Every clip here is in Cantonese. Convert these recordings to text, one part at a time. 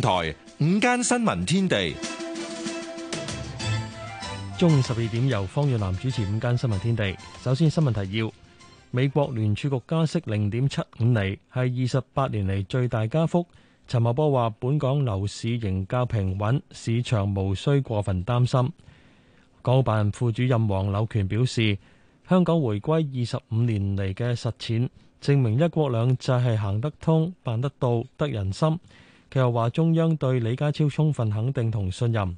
台午間新聞天地中午十二點由方月南主持。午間新聞天地，首先新聞提要：美國聯儲局加息零點七五厘，係二十八年嚟最大加幅。陳茂波話，本港樓市仍較平穩，市場無需過分擔心。港澳辦副主任黃柳權表示，香港回歸二十五年嚟嘅實踐，證明一國兩制係行得通、辦得到、得人心。佢又話：中央對李家超充分肯定同信任。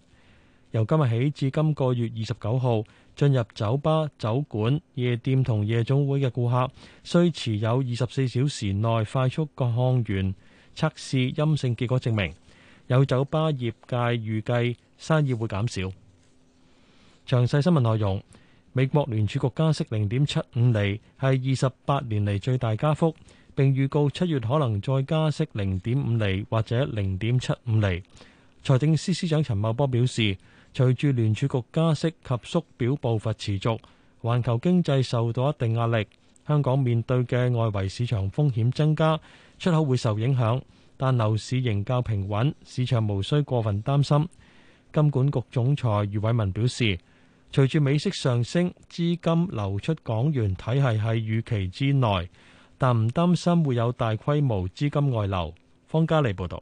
由今日起至今個月二十九號，進入酒吧、酒館、夜店同夜總會嘅顧客，需持有二十四小時內快速抗原測試陰性結果證明。有酒吧業界預計生意會減少。詳細新聞內容，美國聯儲局加息零點七五厘，係二十八年嚟最大加幅。並預告七月可能再加息零點五厘或者零點七五厘。財政司司長陳茂波表示，隨住聯儲局加息及縮表步伐持續，環球經濟受到一定壓力，香港面對嘅外圍市場風險增加，出口會受影響。但樓市仍較平穩，市場無需過分擔心。金管局總裁余偉文表示，隨住美息上升，資金流出港元體系係預期之內。但唔擔心會有大規模資金外流。方家莉報導。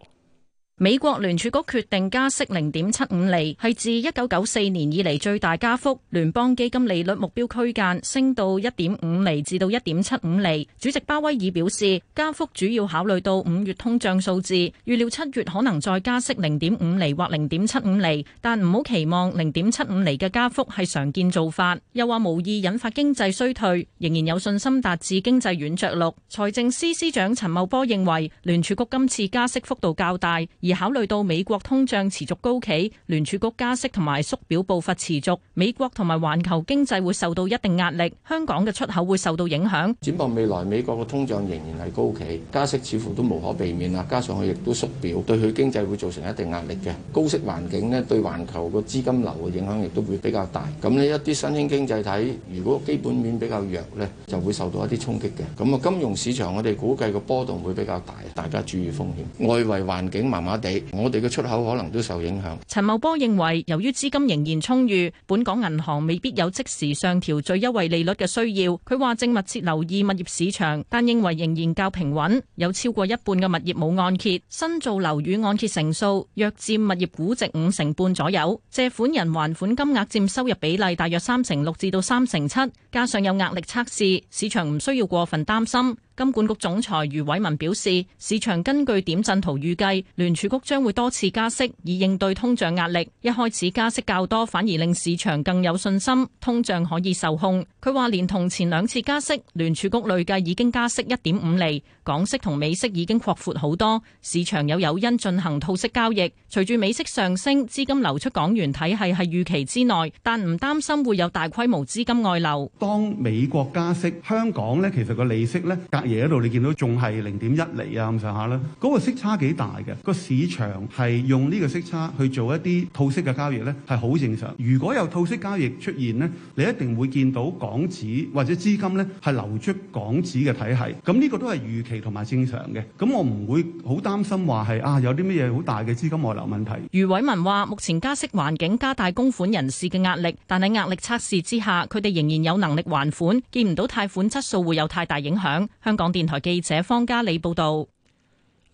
美國聯儲局決定加息零點七五厘，係自一九九四年以嚟最大加幅。聯邦基金利率目標區間升到一點五厘至到一點七五厘。主席鮑威爾表示，加幅主要考慮到五月通脹數字，預料七月可能再加息零點五厘或零點七五厘，但唔好期望零點七五厘嘅加幅係常見做法。又話無意引發經濟衰退，仍然有信心達至經濟軟著陸。財政司司長陳茂波認為，聯儲局今次加息幅度較大。而考慮到美國通脹持續高企，聯儲局加息同埋縮表步伐持續，美國同埋環球經濟會受到一定壓力，香港嘅出口會受到影響，展望未來美國嘅通脹仍然係高企，加息似乎都無可避免啦。加上佢亦都縮表，對佢經濟會造成一定壓力嘅高息環境咧，對環球個資金流嘅影響亦都會比較大。咁咧一啲新興經濟體如果基本面比較弱咧，就會受到一啲衝擊嘅。咁啊，金融市場我哋估計個波動會比較大，大家注意風險外圍環境慢慢，我哋嘅出口可能都受影響。陳茂波認為，由於資金仍然充裕，本港銀行未必有即時上調最優惠利率嘅需要。佢話正密切留意物業市場，但認為仍然較平穩。有超過一半嘅物業冇按揭，新造樓宇按揭成數約佔物業估值五成半左右，借款人還款金額佔收入比例大約三成六至到三成七，加上有壓力測試，市場唔需要過分擔心。金管局總裁余偉文表示，市場根據點陣圖預計聯儲局將會多次加息，以應對通脹壓力。一開始加息較多，反而令市場更有信心通脹可以受控。佢話連同前兩次加息，聯儲局累計已經加息一點五厘，港息同美息已經擴闊好多。市場有誘因進行套息交易，隨住美息上升，資金流出港元體系係預期之內，但唔擔心會有大規模資金外流。當美國加息，香港咧其實個利息咧。嘢喺度，你見到仲係零點一釐啊咁上下咧，嗰個息差幾大嘅，個市場係用呢個息差去做一啲套息嘅交易咧，係好正常。如果有套息交易出現咧，你一定會見到港紙或者資金咧係流出港紙嘅體系，咁呢個都係預期同埋正常嘅。咁我唔會好擔心話係啊有啲乜嘢好大嘅資金外流問題。余偉文話：目前加息環境加大供款人士嘅壓力，但係壓力測試之下，佢哋仍然有能力還款，見唔到貸款質素會有太大影響。香港電台記者方嘉利報道，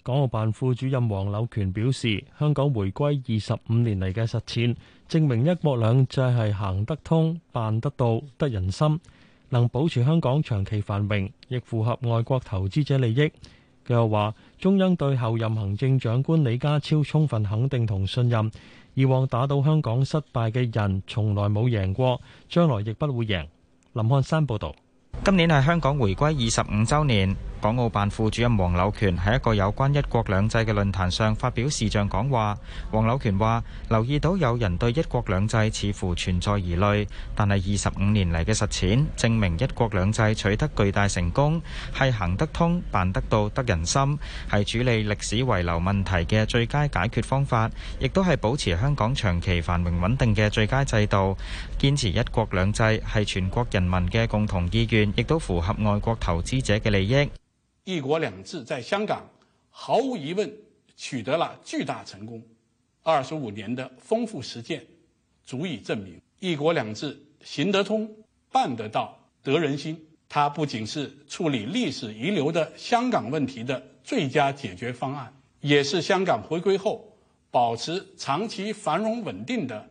港澳辦副主任黃柳權表示，香港回歸二十五年嚟嘅實踐，證明一國兩制係行得通、辦得到、得人心，能保持香港長期繁榮，亦符合外國投資者利益。佢又話，中央對後任行政長官李家超充分肯定同信任，以往打倒香港失敗嘅人，從來冇贏過，將來亦不會贏。林漢山報道。今年係香港回歸二十五週年，港澳辦副主任黃柳權喺一個有關一國兩制嘅論壇上發表視像講話。黃柳權話：留意到有人對一國兩制似乎存在疑慮，但係二十五年嚟嘅實踐證明一國兩制取得巨大成功，係行得通、辦得到、得人心，係處理歷史遺留問題嘅最佳解決方法，亦都係保持香港長期繁榮穩定嘅最佳制度。堅持一國兩制係全國人民嘅共同意願，亦都符合外國投資者嘅利益。一國兩制在香港毫無疑問取得了巨大成功。二十五年的豐富實踐足以證明一國兩制行得通、辦得到、得人心。它不僅是處理歷史遺留的香港問題的最佳解決方案，也是香港回歸後保持長期繁榮穩定的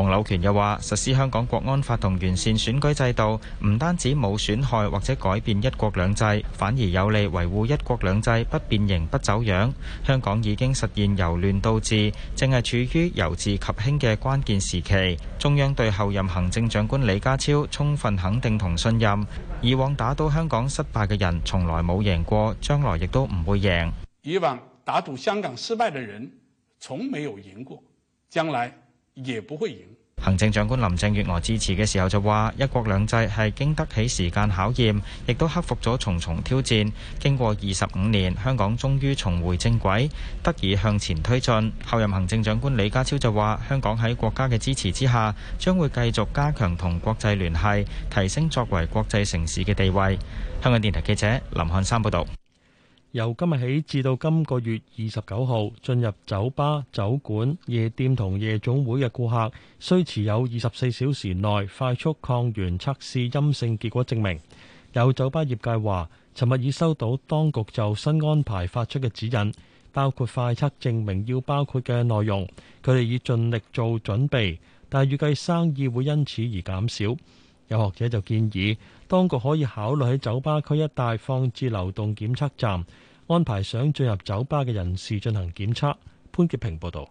黃柳權又話：實施香港國安法同完善選舉制度，唔單止冇損害或者改變一國兩制，反而有利維護一國兩制不變形、不走樣。香港已經實現由亂到治，正係處於由治及興嘅關鍵時期。中央對後任行政長官李家超充分肯定同信任。以往打賭香港失敗嘅人，從來冇贏過，將來亦都唔會贏。以往打賭香港失敗嘅人，從沒有贏過，將來。行政長官林鄭月娥致辭嘅時候就話：一國兩制係經得起時間考驗，亦都克服咗重重挑戰。經過二十五年，香港終於重回正軌，得以向前推進。後任行政長官李家超就話：香港喺國家嘅支持之下，將會繼續加強同國際聯繫，提升作為國際城市嘅地位。香港電台記者林漢山報道。由今日起至到今個月二十九號，進入酒吧、酒館、夜店同夜總會嘅顧客，需持有二十四小時內快速抗原測試陰性結果證明。有酒吧業界話尋日已收到當局就新安排發出嘅指引，包括快測證明要包括嘅內容。佢哋已盡力做準備，但預計生意會因此而減少。有學者就建議，當局可以考慮喺酒吧區一帶放置流動檢測站，安排想進入酒吧嘅人士進行檢測。潘潔平報導。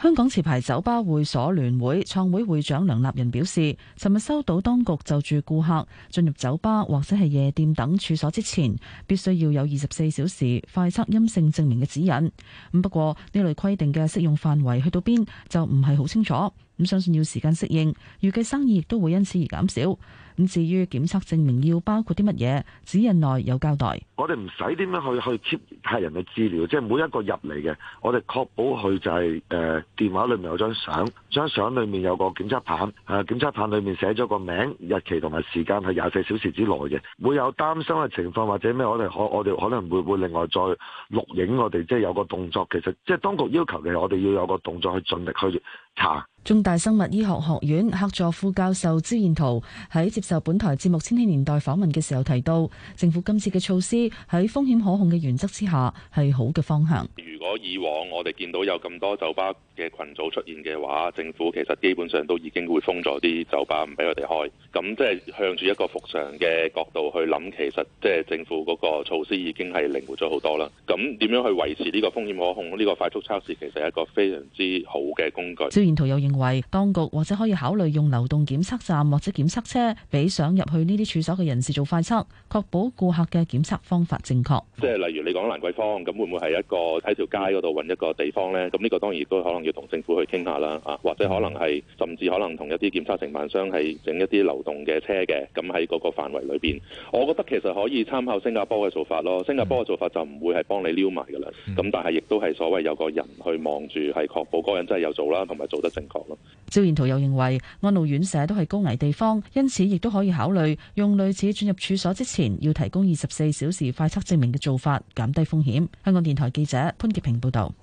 香港持牌酒吧會所聯會創會會長梁立仁表示，尋日收到當局就住顧客進入酒吧或者係夜店等處所之前，必須要有二十四小時快測陰性證明嘅指引。咁不過呢類規定嘅適用範圍去到邊就唔係好清楚。咁相信要時間適應，預計生意亦都會因此而減少。咁至於檢測證明要包括啲乜嘢？指引內有交代。我哋唔使點樣去去 keep 客人嘅資料，即係每一個入嚟嘅，我哋確保佢就係、是、誒、呃、電話裏面有張相，張相裏面有個檢測棒，啊檢測棒裏面寫咗個名、日期同埋時間係廿四小時之內嘅。會有擔心嘅情況或者咩？我哋可我哋可能會會另外再錄影我，我哋即係有個動作。其實即係當局要求，其實我哋要有個動作去盡力去查。中大生物醫學學院客座副教授招彥燾喺接受本台節目《千禧年代》訪問嘅時候提到，政府今次嘅措施喺風險可控嘅原則之下係好嘅方向。如果以往我哋見到有咁多酒吧嘅群組出現嘅話，政府其實基本上都已經會封咗啲酒吧唔俾佢哋開，咁即係向住一個復常嘅角度去諗，其實即係政府嗰個措施已經係靈活咗好多啦。咁點樣去維持呢個風險可控？呢個快速測試其實係一個非常之好嘅工具。招彥燾有認。認為當局或者可以考慮用流動檢測站或者檢測車，俾想入去呢啲處所嘅人士做快測，確保顧客嘅檢測方法正確。即係例如你講蘭桂坊，咁會唔會係一個喺條街嗰度揾一個地方呢？咁呢個當然亦都可能要同政府去傾下啦，啊，或者可能係甚至可能同一啲檢測承辦商係整一啲流動嘅車嘅，咁喺嗰個範圍裏邊，我覺得其實可以參考新加坡嘅做法咯。新加坡嘅做法就唔會係幫你撩埋噶啦，咁但係亦都係所謂有個人去望住係確保個人真係有做啦，同埋做得正確。趙彥燾又認為，安老院舍都係高危地方，因此亦都可以考慮用類似進入處所之前要提供二十四小時快測證明嘅做法，減低風險。香港電台記者潘潔平報道，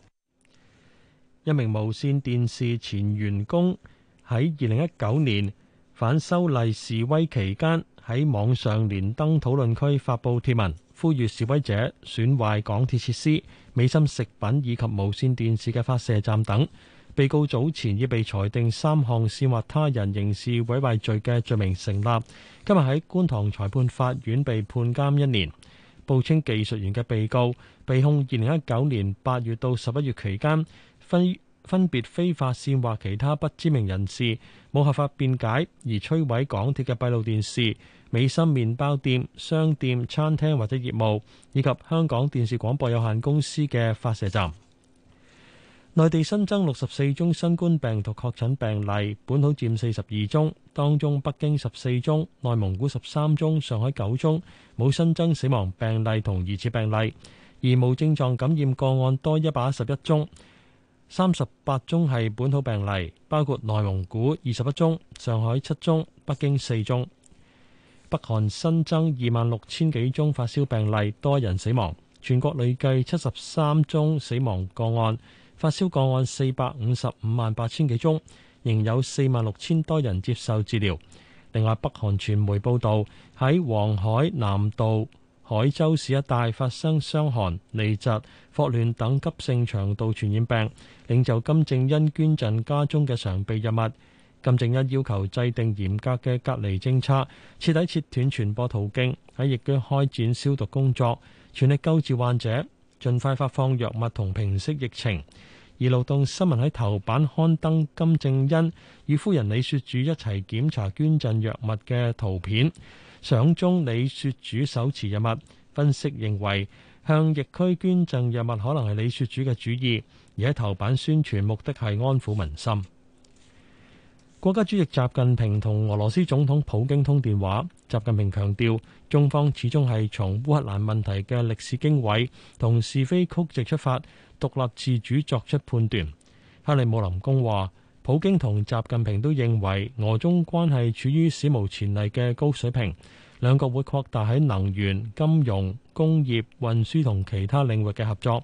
一名無線電視前員工喺二零一九年反修例示威期間，喺網上連登討論區發布貼文，呼籲示威者損壞港鐵設施、美心食品以及無線電視嘅發射站等。被告早前已被裁定三項煽惑他人刑事毀壞罪嘅罪名成立，今日喺觀塘裁判法院被判監一年。報稱技術員嘅被告被控二零一九年八月到十一月期間，分分別非法煽惑其他不知名人士，冇合法辯解而摧毀港鐵嘅閉路電視、美心麵包店、商店、餐廳或者業務，以及香港電視廣播有限公司嘅發射站。內地新增六十四宗新冠病毒確診病例，本土占四十二宗，當中北京十四宗，內蒙古十三宗，上海九宗，冇新增死亡病例同疑似病例，而無症狀感染個案多一百一十一宗，三十八宗係本土病例，包括內蒙古二十一宗，上海七宗，北京四宗。北韓新增二萬六千幾宗發燒病例，多人死亡，全國累計七十三宗死亡個案。發燒個案四百五十五萬八千幾宗，仍有四萬六千多人接受治療。另外，北韓傳媒報道，喺黃海南道海州市一帶發生傷寒、痢疾、霍亂等急性腸道傳染病。領袖金正恩捐贈家中嘅常備藥物，金正恩要求制定嚴格嘅隔離政策，徹底切斷傳播途徑，喺疫區開展消毒工作，全力救治患者，盡快發放藥物同平息疫情。而《勞動新聞》喺頭版刊登金正恩與夫人李雪主一齊檢查捐贈藥物嘅圖片，相中李雪主手持藥物。分析認為，向疫區捐贈藥物可能係李雪主嘅主意，而喺頭版宣傳目的係安撫民心。國家主席習近平同俄羅斯總統普京通電話，習近平強調，中方始終係從烏克蘭問題嘅歷史經緯同是非曲直出發，獨立自主作出判斷。克里姆林宮話，普京同習近平都認為俄中關係處於史無前例嘅高水平，兩國會擴大喺能源、金融、工業、運輸同其他領域嘅合作。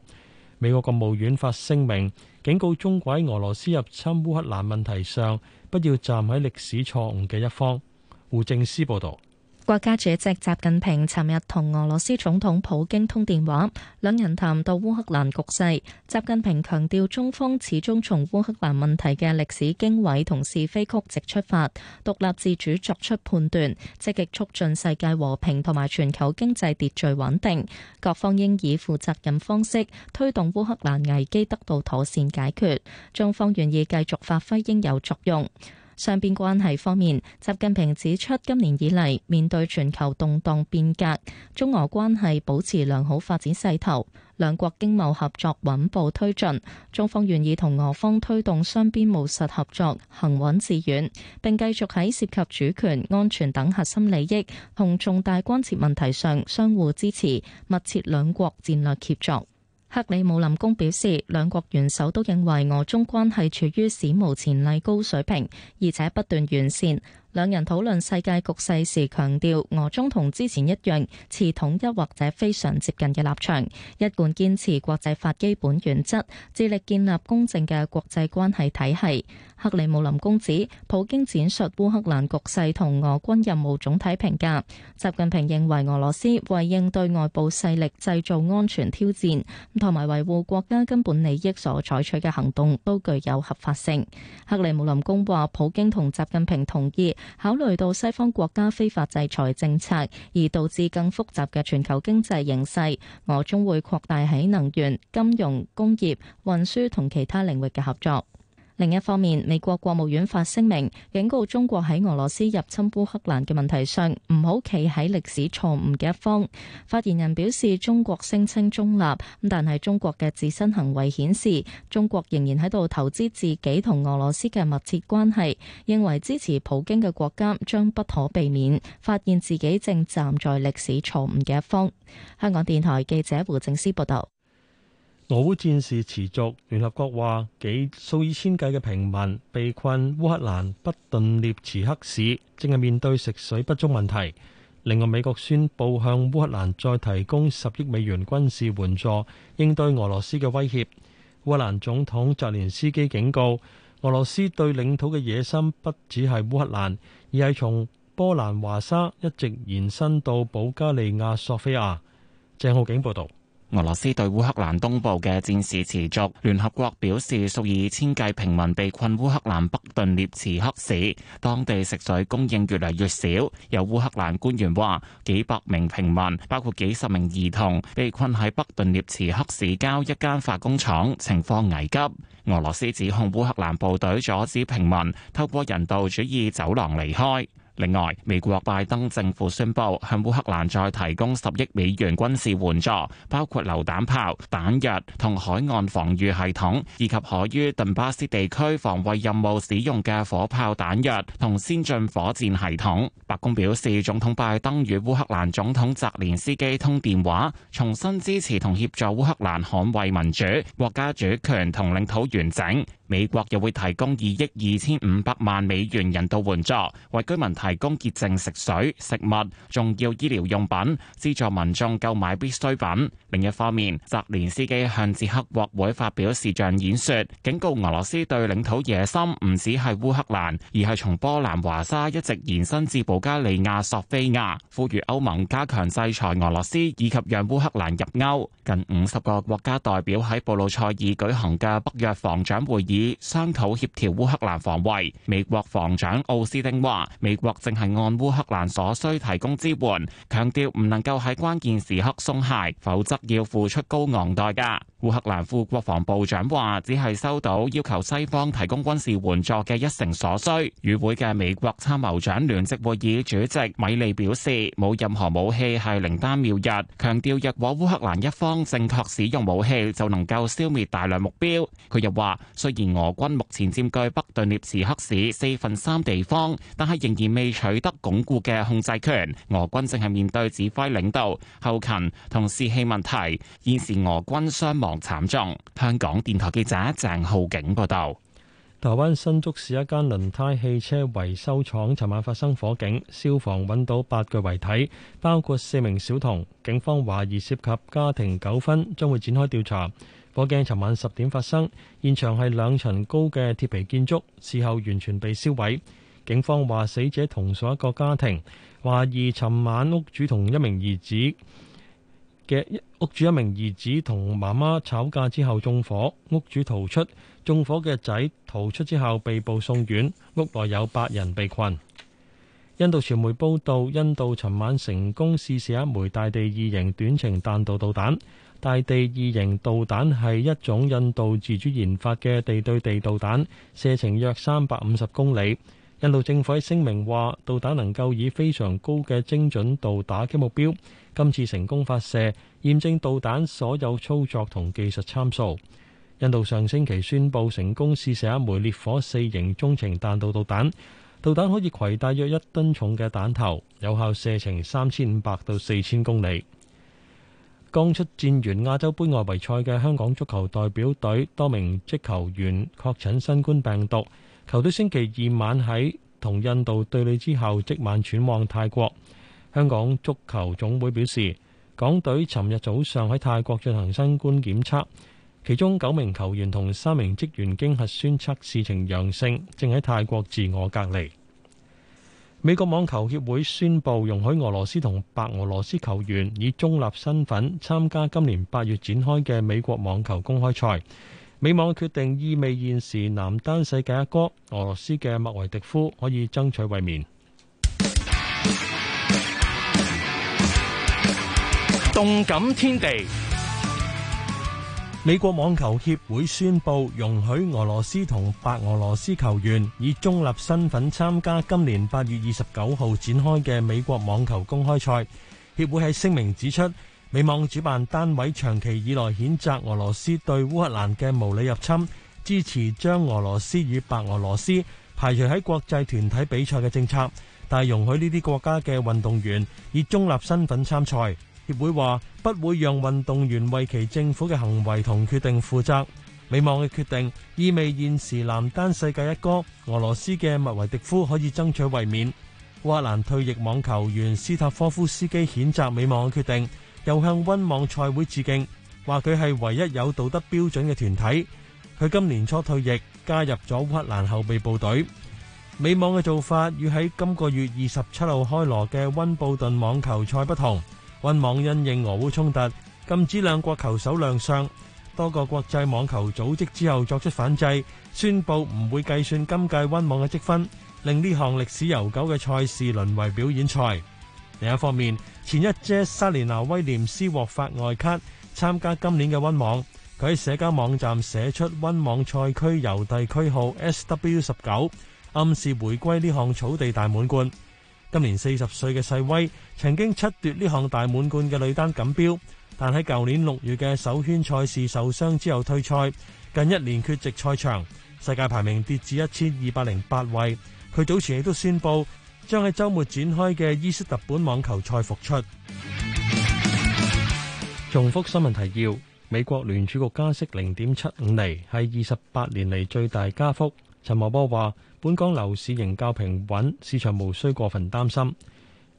美國國務院發聲明警告中國喺俄羅斯入侵烏克蘭問題上，不要站喺歷史錯誤嘅一方。胡正思報道。國家主席習近平尋日同俄羅斯總統普京通電話，兩人談到烏克蘭局勢。習近平強調，中方始終從烏克蘭問題嘅歷史經緯同是非曲直出發，獨立自主作出判斷，積極促進世界和平同埋全球經濟秩序穩定。各方應以負責任方式推動烏克蘭危機得到妥善解決。中方願意繼續發揮應有作用。雙邊關係方面，習近平指出，今年以來面對全球動盪變革，中俄關係保持良好發展勢頭，兩國經貿合作穩步推進。中方願意同俄方推動雙邊務實合作，行穩致遠，並繼續喺涉及主權、安全等核心利益同重大關切問題上相互支持，密切兩國戰略協作。克里姆林宮表示，兩國元首都認為俄中關係處於史無前例高水平，而且不斷完善。兩人討論世界局勢時強調，強調俄中同之前一樣持統一或者非常接近嘅立場，一貫堅持國際法基本原則，致力建立公正嘅國際關係體系。克里姆林宮指普京展述烏克蘭局勢同俄軍任務總體評價。習近平認為俄羅斯為應對外部勢力製造安全挑戰，同埋維護國家根本利益所採取嘅行動都具有合法性。克里姆林宮話，普京同習近平同意。考慮到西方國家非法制裁政策而導致更複雜嘅全球經濟形勢，俄將會擴大喺能源、金融、工業、運輸同其他領域嘅合作。另一方面，美國國務院發聲明警告中國喺俄羅斯入侵烏克蘭嘅問題上唔好企喺歷史錯誤嘅一方。發言人表示，中國聲稱中立，但係中國嘅自身行為顯示，中國仍然喺度投資自己同俄羅斯嘅密切關係，認為支持普京嘅國家將不可避免發現自己正站在歷史錯誤嘅一方。香港電台記者胡正思報道。俄烏戰事持續，聯合國話幾數以千計嘅平民被困烏克蘭北頓涅茨克市，正係面對食水不足問題。另外，美國宣布向烏克蘭再提供十億美元軍事援助，應對俄羅斯嘅威脅。烏克蘭總統澤連斯基警告，俄羅斯對領土嘅野心不只係烏克蘭，而係從波蘭華沙一直延伸到保加利亞索菲亞。鄭浩景報導。俄羅斯對烏克蘭東部嘅戰事持續，聯合國表示數以千計平民被困烏克蘭北頓涅茨克市，當地食水供應越嚟越少。有烏克蘭官員話，幾百名平民，包括幾十名兒童，被困喺北頓涅茨克市郊一間化工廠，情況危急。俄羅斯指控烏克蘭部隊阻止平民透過人道主義走廊離開。另外，美國拜登政府宣布向烏克蘭再提供十億美元軍事援助，包括榴彈炮、彈藥同海岸防禦系統，以及可於頓巴斯地區防衛任務使用嘅火炮彈藥同先進火箭系統，白宮表示，總統拜登與烏克蘭總統澤連斯基通電話，重新支持同協助烏克蘭捍衛民主、國家主權同領土完整。美國又會提供二億二千五百萬美元人道援助，為居民提供潔淨食水、食物，重要醫療用品，資助民眾購買必需品。另一方面，澤連斯基向捷克國會發表視像演說，警告俄羅斯對領土野心，唔只係烏克蘭，而係從波蘭華沙一直延伸至保加利亞索菲亞，呼籲歐盟加強制裁俄羅斯，以及讓烏克蘭入歐。近五十個國家代表喺布魯塞爾舉行嘅北約防長會議，以商討協調烏克蘭防衛，美國防長奧斯汀話：美國淨係按烏克蘭所需提供支援，強調唔能夠喺關鍵時刻鬆懈，否則要付出高昂代價。烏克蘭副國防部長話：只係收到要求西方提供軍事援助嘅一成所需。與會嘅美國參謀長聯席會議主席米利表示：冇任何武器係靈丹妙藥，強調若果烏克蘭一方正確使用武器，就能夠消滅大量目標。佢又話：雖然俄軍目前佔據北頓涅茨克市四分三地方，但係仍然未取得鞏固嘅控制權。俄軍正係面對指揮領導、後勤同士氣問題，現時俄軍傷亡慘重。香港電台記者鄭浩景報道。台灣新竹市一間輪胎汽車維修廠尋晚發生火警，消防搵到八具遺體，包括四名小童。警方懷疑涉及家庭糾紛，將會展開調查。火警尋晚十點發生，現場係兩層高嘅鐵皮建築，事後完全被燒毀。警方話死者同屬一個家庭，懷疑尋晚屋主同一名兒子嘅屋主一名兒子同媽媽吵架之後縱火，屋主逃出，縱火嘅仔逃出之後被捕送院，屋內有八人被困。印度傳媒報道，印度尋晚成功試射一枚大地二型短程彈道導彈。大地二型導彈係一種印度自主研發嘅地對地導彈，射程約三百五十公里。印度政府喺聲明話，導彈能夠以非常高嘅精準度打擊目標。今次成功發射，驗證導彈所有操作同技術參數。印度上星期宣佈成功試射一枚烈火四型中程彈道導彈，導彈可以攜帶約一噸重嘅彈頭，有效射程三千五百到四千公里。剛出戰完亞洲杯外圍賽嘅香港足球代表隊多名職球員確診新冠病毒，球隊星期二晚喺同印度對壘之後，即晚轉往泰國。香港足球總會表示，港隊尋日早上喺泰國進行新冠檢測，其中九名球員同三名職員經核酸測試呈陽性，正喺泰國自我隔離。美國網球協會宣布容許俄羅斯同白俄羅斯球員以中立身份參加今年八月展開嘅美國網球公開賽。美網嘅決定意味現時男單世界一哥俄羅斯嘅麥維迪夫可以爭取衛冕。動感天地。美國網球協會宣布容許俄羅斯同白俄羅斯球員以中立身份參加今年八月二十九號展開嘅美國網球公開賽。協會喺聲明指出，美網主辦單位長期以來譴責俄羅斯對烏克蘭嘅無理入侵，支持將俄羅斯與白俄羅斯排除喺國際團體比賽嘅政策，但係容許呢啲國家嘅運動員以中立身份參賽。協會話不會讓運動員為其政府嘅行為同決定負責。美網嘅決定意味現時男單世界一哥俄羅斯嘅麥維迪夫可以爭取衞冕。烏克蘭退役網球員斯塔科夫斯基譴責美網嘅決定，又向溫網賽會致敬，話佢係唯一有道德標準嘅團體。佢今年初退役，加入咗烏克蘭後備部隊。美網嘅做法與喺今個月二十七號開鑼嘅溫布頓網球賽不同。温網因應俄烏衝突禁止兩國球手亮相，多個國際網球組織之後作出反制，宣布唔會計算今屆温網嘅積分，令呢項歷史悠久嘅賽事淪為表演賽。另一方面，前一姐莎蓮娜威廉斯獲發外卡參加今年嘅温網，佢喺社交網站寫出温網賽區郵遞區號 SW19，暗示回歸呢項草地大滿貫。今年四十歲嘅世威曾經七奪呢項大滿貫嘅女單錦標，但喺舊年六月嘅首圈賽事受傷之後退賽，近一年缺席賽場，世界排名跌至一千二百零八位。佢早前亦都宣布將喺周末展開嘅伊斯特本網球賽復出。重複新聞提要：美國聯儲局加息零點七五厘，係二十八年嚟最大加幅。陳茂波話：本港樓市仍較平穩，市場無需過分擔心。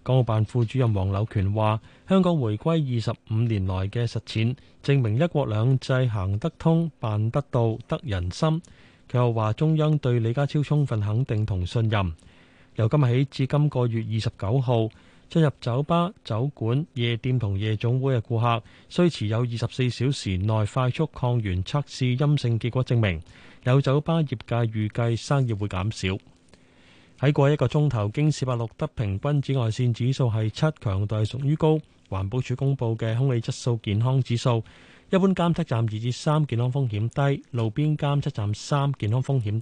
港澳辦副主任黃柳權話：香港回歸二十五年來嘅實踐，證明一國兩制行得通、辦得到、得人心。佢又話：中央對李家超充分肯定同信任。由今日起至今個月二十九號，進入酒吧、酒館、夜店同夜總會嘅顧客，須持有二十四小時內快速抗原測試陰性結果證明。有酒吧業界預計生意會減少。喺過一個鐘頭，京士柏錄得平均紫外線指數係七，強度屬於高。環保署公佈嘅空氣質素健康指數，一般監測站二至三健康風險低，路邊監測站三健康風險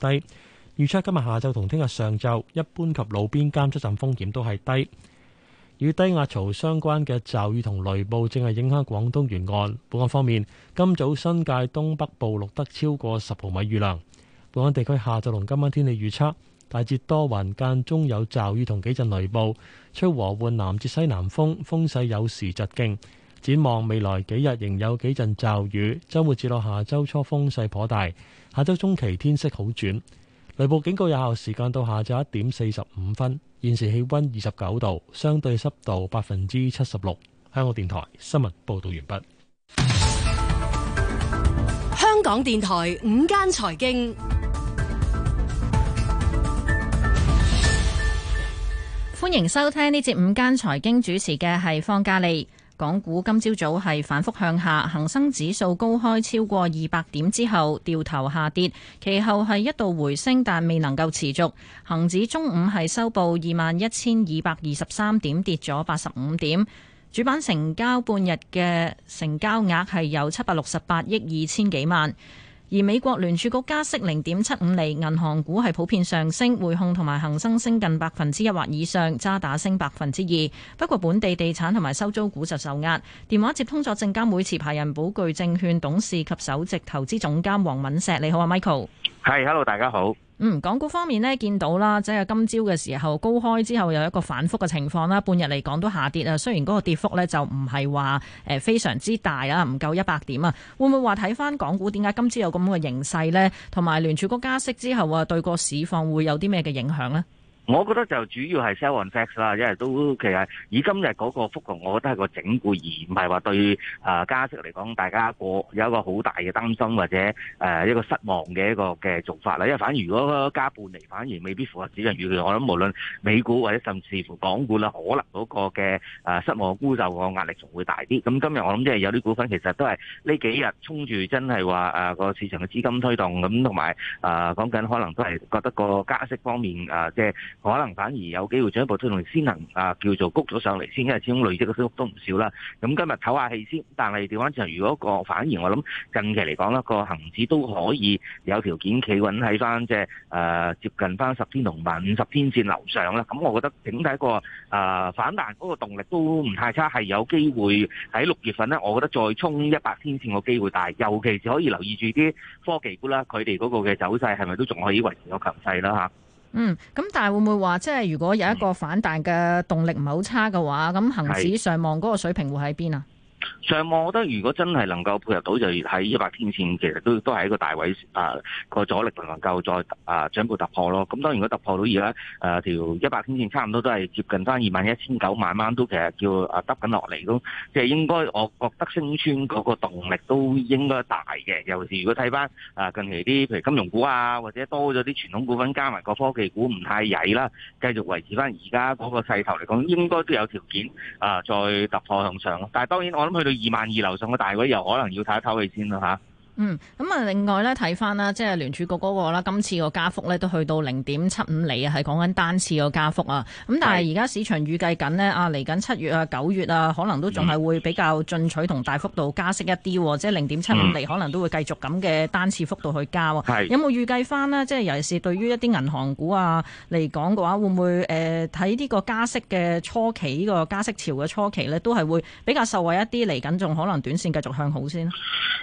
低。預測今日下晝同聽日上晝，一般及路邊監測站風險都係低。與低壓槽相關嘅驟雨同雷暴正係影響廣東沿岸。本港方面，今早新界東北部錄得超過十毫米雨量。本港地區下晝同今晚天氣預測，大致多雲間中有驟雨同幾陣雷暴，吹和緩南至西南風，風勢有時疾勁。展望未來幾日仍有幾陣驟雨，周末至落下周初風勢頗大，下周中期天色好轉。雷暴警告有效時間到下晝一點四十五分。現時氣温二十九度，相對濕度百分之七十六。香港電台新聞報道完畢。香港電台午間財經，歡迎收聽呢節午間財經主持嘅係方嘉莉。港股今朝早係反覆向下，恒生指數高開超過二百點之後掉頭下跌，其後係一度回升但未能夠持續。恒指中午係收報二萬一千二百二十三點，跌咗八十五點。主板成交半日嘅成交額係有七百六十八億二千幾萬。而美國聯儲局加息零點七五釐，銀行股係普遍上升，匯控同埋恒生升近百分之一或以上，渣打升百分之二。不過本地地產同埋收租股就受壓。電話接通咗證監會持牌人寶鉅證券董事及首席投資總監黃敏石。你好啊，Michael。係，hello，大家好。嗯，港股方面呢，見到啦，即係今朝嘅時候高開之後有一個反復嘅情況啦，半日嚟講都下跌啊。雖然嗰個跌幅呢就唔係話誒非常之大啊，唔夠一百點啊。會唔會話睇翻港股點解今朝有咁嘅形勢呢？同埋聯儲局加息之後啊，對個市況會有啲咩嘅影響呢？我覺得就主要係 sell on facts 啦，因為都其實以今日嗰個幅紅，我覺得係個整固，而唔係話對啊加息嚟講，大家個有一個好大嘅擔心或者誒一個失望嘅一個嘅做法啦。因為反而如果加半釐，反而未必符合市場預期。我諗無論美股或者甚至乎港股啦，可能嗰個嘅誒失望沽售個壓力仲會大啲。咁今日我諗即係有啲股份其實都係呢幾日衝住真係話啊個市場嘅資金推動咁，同埋啊講緊可能都係覺得個加息方面啊即係。可能反而有機會進一步推動，先能啊叫做谷咗上嚟，先因為始終累積嘅升幅都唔少啦。咁、嗯、今日唞下氣先，但係調翻轉，如果個反而我諗近期嚟講，個恆指都可以有條件企穩喺翻即係誒接近翻十天同埋五十天線樓上啦。咁、嗯、我覺得整體個誒、呃、反彈嗰個動力都唔太差，係有機會喺六月份咧，我覺得再衝一百天線個機會大，尤其是可以留意住啲科技股啦，佢哋嗰個嘅走勢係咪都仲可以維持個強勢啦嚇。嗯，咁但係會唔會話即係如果有一個反彈嘅動力唔係好差嘅話，咁恆指上望嗰個水平會喺邊啊？上望，我覺得如果真係能夠配合到，就喺一百天線，其實都都係一個大位啊，個阻力，能夠再啊進一步突破咯。咁當然，如果突破到而家誒條一百天線，差唔多都係接近翻二萬一千九，慢慢都其實叫啊得緊落嚟。咁即係應該，我覺得升穿嗰個動力都應該大嘅。尤其是如果睇翻啊近期啲，譬如金融股啊，或者多咗啲傳統股份加埋個科技股，唔太曳啦，繼續維持翻而家嗰個勢頭嚟講，應該都有條件啊再突破向上。但係當然，我諗。去到二萬二樓上嘅大位，又可能要睇一唞氣先啦嚇。啊嗯，咁、嗯、啊，另外咧睇翻啦，即係聯儲局嗰、那個啦，今次個加幅咧都去到零點七五厘啊，係講緊單次個加幅啊。咁但係而家市場預計緊呢啊，嚟緊七月啊、九月啊，可能都仲係會比較進取同大幅度加息一啲，即係零點七五厘可能都會繼續咁嘅單次幅度去加。是有冇預計翻呢？即係尤其是對於一啲銀行股啊嚟講嘅話，會唔會誒喺呢個加息嘅初期，呢、這個加息潮嘅初期呢，都係會比較受惠一啲嚟緊，仲可能短線繼續向好先？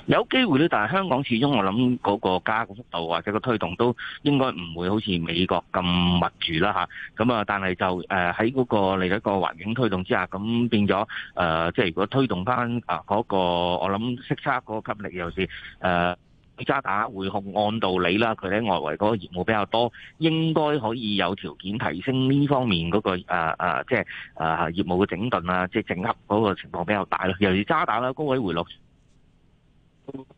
有機會。啊、香港始終我諗嗰個加速度或者個推動都應該唔會好似美國咁密住啦嚇，咁啊但係就誒喺嗰個另一個環境推動之下，咁變咗誒即係如果推動翻、那個、啊嗰個我諗息差嗰個吸力又是誒渣打匯控按道理啦，佢喺外圍嗰個業務比較多，應該可以有條件提升呢方面嗰、那個誒即係誒業務嘅整頓啊，即、就、係、是、整合嗰個情況比較大咯，尤其是渣打啦，高位回落。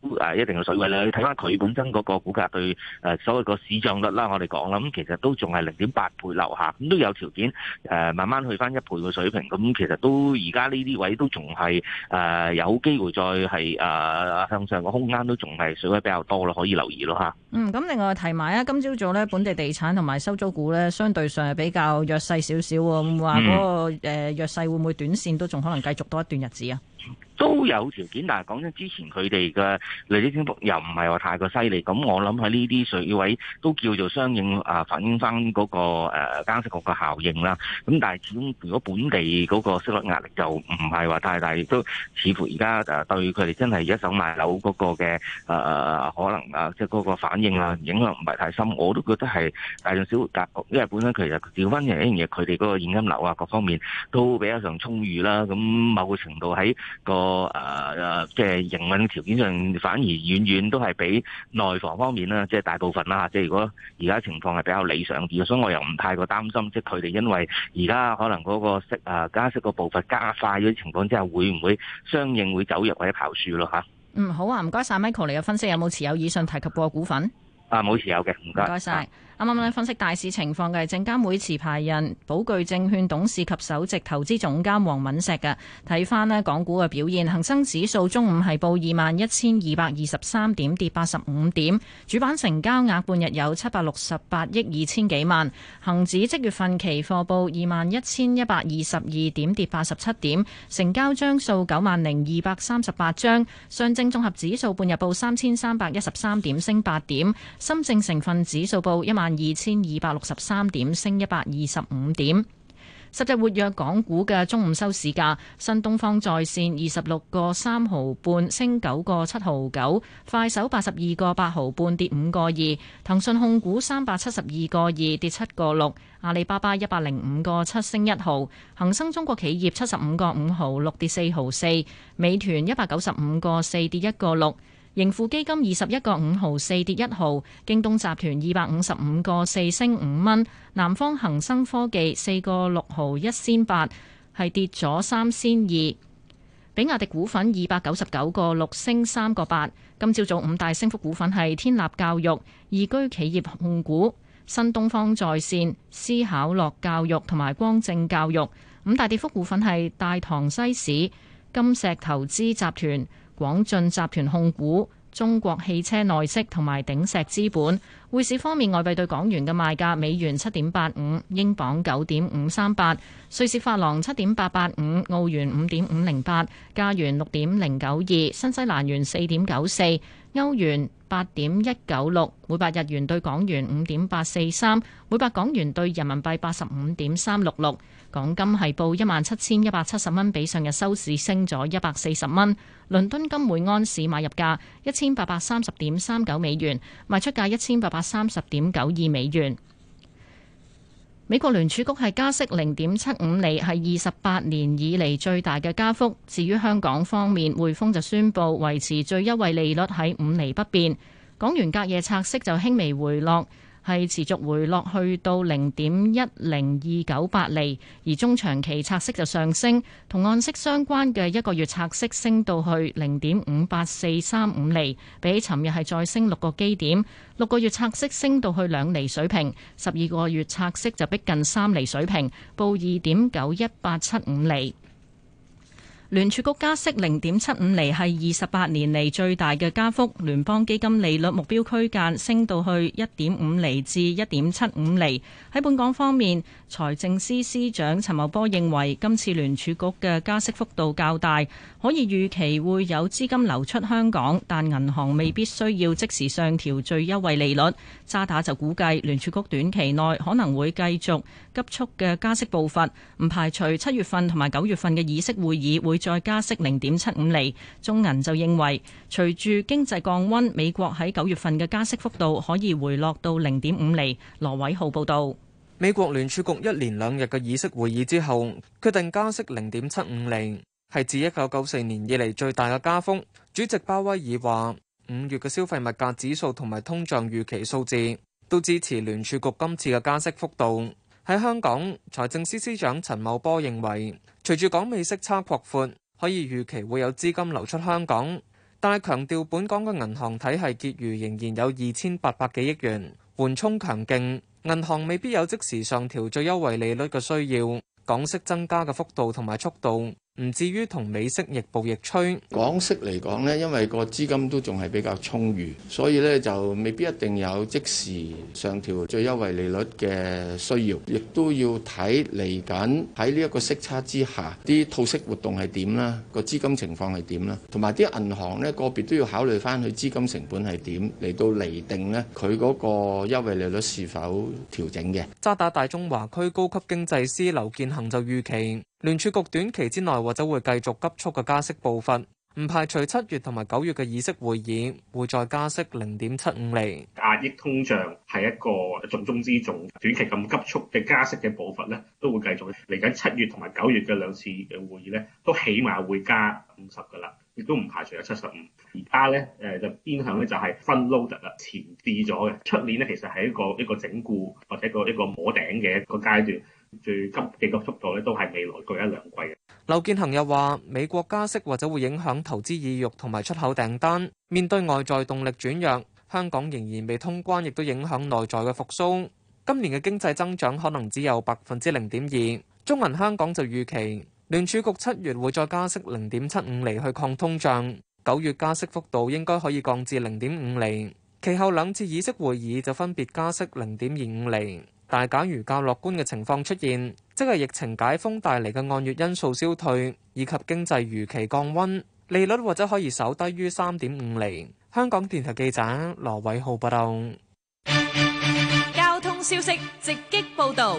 誒，一定有水位啦。你睇翻佢本身嗰個股價對誒，所謂個市賬率啦，我哋講啦，咁其實都仲係零點八倍樓下，咁都有條件誒，慢慢去翻一倍嘅水平。咁其實都而家呢啲位都仲係誒，有機會再係誒向上嘅空間都仲係水位比較多咯，可以留意咯吓。嗯，咁另外提埋啊，今朝早咧本地地產同埋收租股咧，相對上係比較弱勢少少喎。咁話嗰個誒弱勢會唔會短線都仲可能繼續多一段日子啊？都有條件，但係講真，之前佢哋嘅利益升幅又唔係話太過犀利，咁、嗯、我諗喺呢啲水位都叫做相應啊、呃、反映翻嗰、嗰個誒加息局嘅效應啦。咁、嗯、但係始終如果本地嗰個息率壓力就唔係話太大，亦都似乎而家誒對佢哋真係一手賣樓嗰個嘅誒、呃、可能、呃就是、啊，即係嗰個反應啦，影響唔係太深。我都覺得係大量少，但因為本身其實調翻人一樣嘢，佢哋嗰個現金流啊各方面都比較上充裕啦。咁、嗯、某個程度喺那個誒誒，即係營運條件上，反而遠遠都係比內房方面啦，即、就、係、是、大部分啦、啊、即係如果而家情況係比較理想啲，所以我又唔太過擔心，即係佢哋因為而家可能嗰個息誒、啊、加息個步伐加快咗啲情況之下，會唔會相應會走弱或者跑輸咯吓？啊、嗯，好啊，唔該晒，Michael，你嘅分析有冇持有以上提及過嘅股份？啊，冇持有嘅，唔該，唔該晒。啊啱啱嚟分析大市情況嘅證監會持牌人保具證券董事及首席投資總監黃敏石嘅，睇翻咧港股嘅表現。恒生指數中午係報二萬一千二百二十三點，跌八十五點，主板成交額，額半日有七百六十八億二千幾萬，恒指即月份期貨報二萬一千一百二十二點，跌八十七點，成交數 90, 張數九萬零二百三十八張，上證綜合指數半日報三千三百一十三點，升八點，深證成分指數報一萬。萬二千二百六十三點，升一百二十五點。十隻活躍港股嘅中午收市價：新東方在線二十六個三毫半，升九個七毫九；快手八十二個八毫半，跌五個二；騰訊控股三百七十二個二，跌七個六；阿里巴巴一百零五個七，升一毫；恒生中國企業七十五個五毫六，跌四毫四；美團一百九十五個四，跌一個六。盈富基金二十一個五毫四跌一毫，京東集團二百五十五個四升五蚊，南方恒生科技四個六毫一仙八，係跌咗三仙二。比亞迪股份二百九十九個六升三個八。今朝早五大升幅股份係天立教育、易居企業控股、新東方在線、思考樂教育同埋光正教育。五大跌幅股份係大唐西市、金石投資集團。廣進集團控股、中國汽車內飾同埋鼎石資本。匯市方面，外幣對港元嘅賣價：美元七點八五，英鎊九點五三八，瑞士法郎七點八八五，澳元五點五零八，加元六點零九二，新西蘭元四點九四。歐元八點一九六，每百日元對港元五點八四三，每百港元對人民幣八十五點三六六。港金係報一萬七千一百七十蚊，比上日收市升咗一百四十蚊。倫敦金每安士買入價一千八百三十點三九美元，賣出價一千八百三十點九二美元。美國聯儲局係加息零點七五厘，係二十八年以嚟最大嘅加幅。至於香港方面，匯豐就宣布維持最優惠利率喺五厘不變。港元隔夜拆息就輕微回落。係持續回落去到零點一零二九八厘，而中長期拆息就上升，同按息相關嘅一個月拆息升到去零點五八四三五厘，比起尋日係再升六個基點。六個月拆息升到去兩厘水平，十二個月拆息就逼近三厘水平，報二點九一八七五厘。聯儲局加息零點七五厘係二十八年嚟，最大嘅加幅，聯邦基金利率目標區間升到去一點五厘至一點七五厘。喺本港方面，財政司司、司長陳茂波認為今次聯儲局嘅加息幅度較大，可以預期會有資金流出香港，但銀行未必需要即時上調最優惠利率。渣打就估計聯儲局短期內可能會繼續急速嘅加息步伐，唔排除七月份同埋九月份嘅議息會議會。會再加息零點七五厘，中銀就認為，隨住經濟降溫，美國喺九月份嘅加息幅度可以回落到零點五厘。羅偉浩報道，美國聯儲局一連兩日嘅議息會議之後，決定加息零點七五厘，係自一九九四年以嚟最大嘅加幅。主席鮑威爾話，五月嘅消費物價指數同埋通脹預期數字都支持聯儲局今次嘅加息幅度。喺香港，財政司司長陳茂波認為。隨住港美息差擴闊，可以預期會有資金流出香港，但係強調本港嘅銀行體系結餘仍然有二千八百幾億元，緩衝強勁，銀行未必有即時上調最優惠利率嘅需要。港息增加嘅幅度同埋速度。唔至於同美息亦步亦趨，港息嚟講呢，因為個資金都仲係比較充裕，所以咧就未必一定有即時上調最優惠利率嘅需要，亦都要睇嚟緊喺呢一個息差之下，啲套息活動係點啦，個資金情況係點啦，同埋啲銀行呢個別都要考慮翻佢資金成本係點嚟到厘定呢，佢嗰個優惠利率是否調整嘅。渣打大中華區高級經濟師劉建恒就預期。聯儲局短期之內或者會繼續急速嘅加息步伐，唔排除七月同埋九月嘅議息會議會再加息零點七五厘，壓抑通脹係一個重中之重，短期咁急速嘅加息嘅步伐咧，都會繼續。嚟緊七月同埋九月嘅兩次嘅會議咧，都起碼會加五十噶啦，亦都唔排除有七十五。而家咧，誒就偏向咧就係 front load 啦，前置咗嘅。出年咧其實係一個一個整固或者一個一個摸頂嘅一個階段。最急幾個速度咧，都係未來過一兩季嘅。劉建恆又話：美國加息或者會影響投資意欲同埋出口訂單。面對外在動力轉弱，香港仍然未通關，亦都影響內在嘅復甦。今年嘅經濟增長可能只有百分之零點二。中銀香港就預期聯儲局七月會再加息零點七五釐去抗通脹，九月加息幅度應該可以降至零點五釐，其後兩次議息會議就分別加息零點二五釐。但假如較樂觀嘅情況出現，即係疫情解封帶嚟嘅按月因素消退，以及經濟預期降溫，利率或者可以稍低於三點五釐。香港電台記者羅偉浩報道。交通消息直擊報道。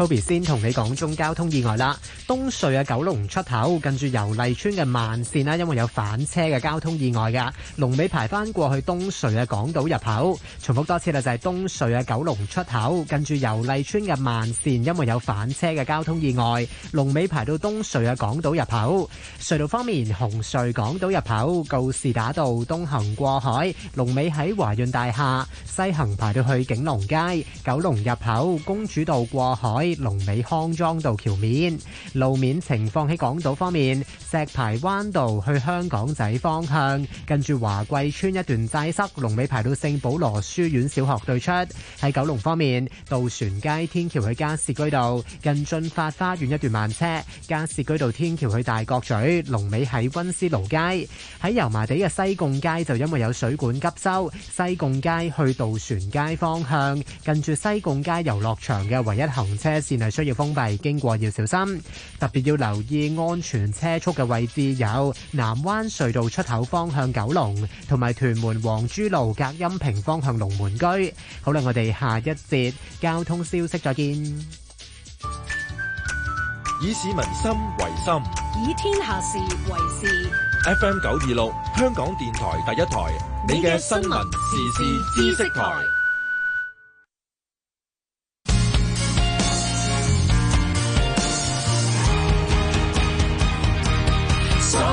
Toby 先同你講中交通意外啦，東隧嘅九龍出口近住油麗村嘅慢線啦，因為有反車嘅交通意外噶，龍尾排翻過去東隧嘅港島入口。重複多次啦，就係、是、東隧嘅九龍出口近住油麗村嘅慢線，因為有反車嘅交通意外，龍尾排到東隧嘅港島入口。隧道方面，紅隧港島入口告士打道東行過海，龍尾喺華潤大廈西行排到去景隆街，九龍入口公主道過海。龍尾康莊道橋面路面情況，喺港島方面，石排灣道去香港仔方向，近住華貴邨一段擠塞，龍尾排到聖保羅書院小學對出；喺九龍方面，渡船街天橋去加士居道，近駿發花園一段慢車，加士居道天橋去大角咀龍尾喺溫斯勞街；喺油麻地嘅西貢街就因為有水管急修，西貢街去渡船街方向，近住西貢街遊樂場嘅唯一行車線係需要封閉，經過要小心，特別要留意安全車速嘅位置有南灣隧道出口方向九龍，同埋屯門黃珠路隔音屏方向龍門居。好啦，我哋下一節交通消息再見。以市民心為心，以天下事為事，FM926，香港電台第一台，你嘅新聞時事知識台。主持人的線量需要封蔽,